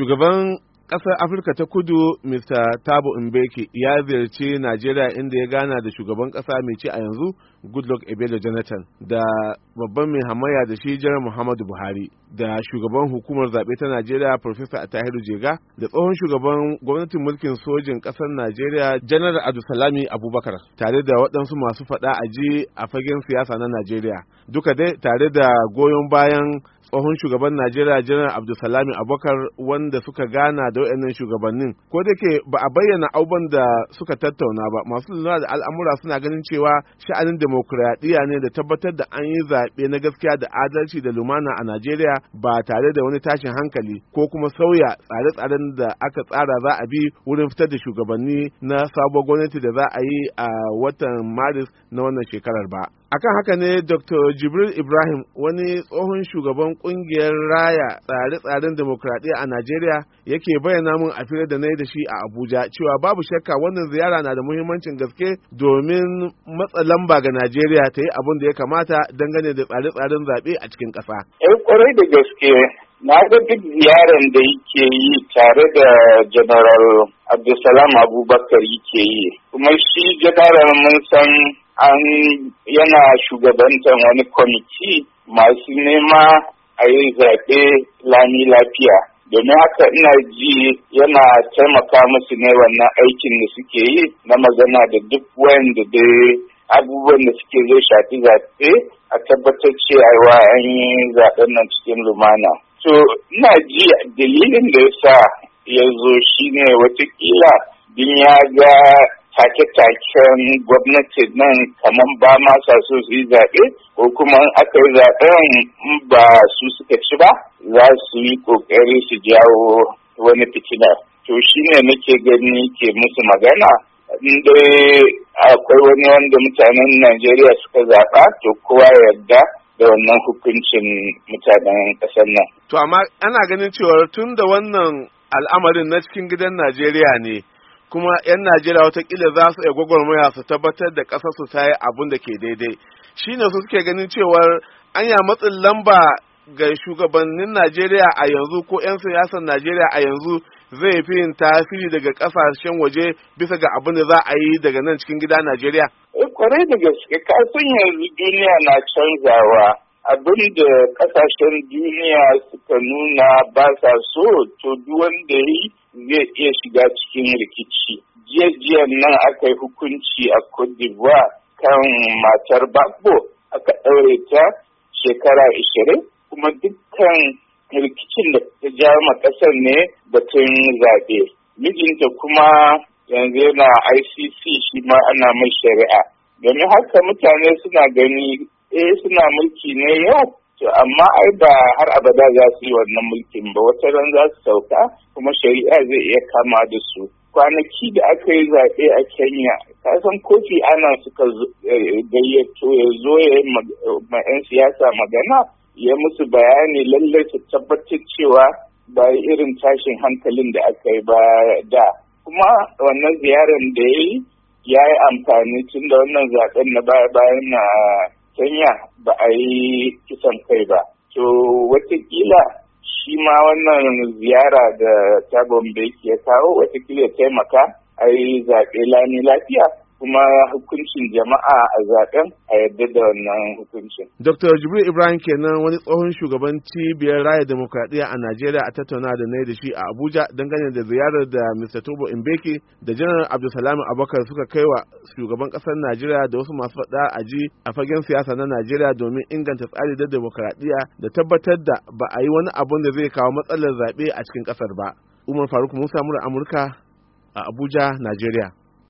shugaban ƙasar afirka ta kudu mr tabo mbeki ya ziyarci najeriya inda ya gana da shugaban ƙasa mai ci a yanzu goodluck ebele jonathan da babban mai hamayya da shi jiran muhammadu buhari da shugaban hukumar zaɓe ta najeriya professor atahiru jega da tsohon shugaban gwamnatin mulkin sojin ƙasar najeriya janar Salami abubakar tare da waɗansu masu faɗa a ji a fagen siyasa na najeriya duka dai tare da goyon bayan tsohon shugaban najeriya janar abdulsalami abubakar wanda suka gana da wayannan shugabannin ko da ke ba a bayyana abubuwan da suka tattauna ba masu lura da al'amura suna ganin cewa sha'anin demokuraɗiyya ne da tabbatar da an yi zaɓe na gaskiya da adalci da lumana a najeriya ba tare da wani tashin hankali ko kuma sauya tsare-tsaren da aka tsara za a bi wurin fitar da shugabanni na sabuwar gwamnati da za a yi a watan maris na wannan shekarar ba akan haka ne dr jibril ibrahim wani tsohon shugaban kungiyar raya tsare-tsaren demokradiyya a najeriya yake bayyana mun a fira da na yi da shi a abuja cewa babu shakka wannan ziyara na da muhimmancin gaske domin matsa lamba ga najeriya ta yi abin da ya kamata dangane da tsare-tsaren zaɓe a cikin ƙasa. kwarai eh, da gaske na ga duk ziyarar da yake yi tare da general abdulsalam abubakar yake yi kuma shi mun san an yana shugabantar wani kwamiti masu nema a yi zaɓe lami lafiya domin haka ina ji yana taimaka musu ne wannan aikin da suke yi na magana da duk wanda dai abubuwan da suke zai shafi zaɓe a tabbatar cewa an yi zaɓen nan cikin lumana. To ina ji dalilin da ya sa ya zo shine watakila din ya ga take-taken gwamnati nan kamar ba ma su yi zaɓe ko kuma aka yi zaɓen ba su suka ci ba za su yi ƙoƙari su jawo wani fitina. To shi ne nake gani ke musu magana. dai akwai wani wanda mutanen Najeriya suka zaɓa to kowa yarda da wannan hukuncin mutanen ƙasar nan. To amma ana ganin cewa tun da wannan al'amarin na cikin gidan Najeriya ne kuma 'yan najeriya watakila za su iya gwagwarmaya su tabbatar da ƙasar su ta yi abin da ke daidai shi ne su suke ganin cewar anya matsin lamba ga shugabannin najeriya a yanzu ko 'yan siyasar najeriya a yanzu zai fi yin tasiri daga kasashen waje bisa ga abin da za a yi daga nan cikin gida najeriya eh, kwarai da gaske kasan yanzu duniya na canzawa abin da kasashen duniya suka nuna ba sa so to wanda yi zai iya shiga cikin rikici jiya nan aka yi hukunci a cote d'ivoire kan matar babbo aka ɗaure ta shekara ashirin kuma dukkan rikicin da ta ja ma ƙasar ne batun zaɓe mijinta kuma yanzu yana icc shi ma ana mai shari'a domin haka mutane suna gani eh suna mulki ne yau to amma ai ba har abada za su yi wannan mulkin ba wata ran za su sauka kuma shari'a zai iya kama da su kwanaki da aka yi zaɓe a kenya ka san kofi ana suka eh, gayyato ya zo ya yi ma 'yan siyasa magana ya musu bayani lallai su tabbatar cewa ba irin tashin hankalin da aka yi ba da kuma wannan ziyarar da ya yi ya yi amfani tun da wannan zaɓen na baya-bayan na kenya ba a yi kisan kai ba to watakila shi ma wannan ziyara da ta gombe ya kawo watakila taimaka a yi zaɓe lami lafiya kuma hukuncin jama'a a zaben a yadda da wannan hukuncin. Dr. Jibril Ibrahim kenan wani tsohon shugaban cibiyar raya demokradiyya a Najeriya a tattauna da nai da shi a Abuja dangane da ziyarar da Mr. Tobo Mbeki da Janar Abdulsalam Abubakar suka kai wa shugaban ƙasar Najeriya da wasu masu faɗa a ji a fagen siyasa na Najeriya domin inganta tsari da demokradiyya da tabbatar da ba a yi wani abun da zai kawo matsalar zaɓe a cikin ƙasar ba. Umar Faruk Musa Mura Amurka a Abuja, Najeriya.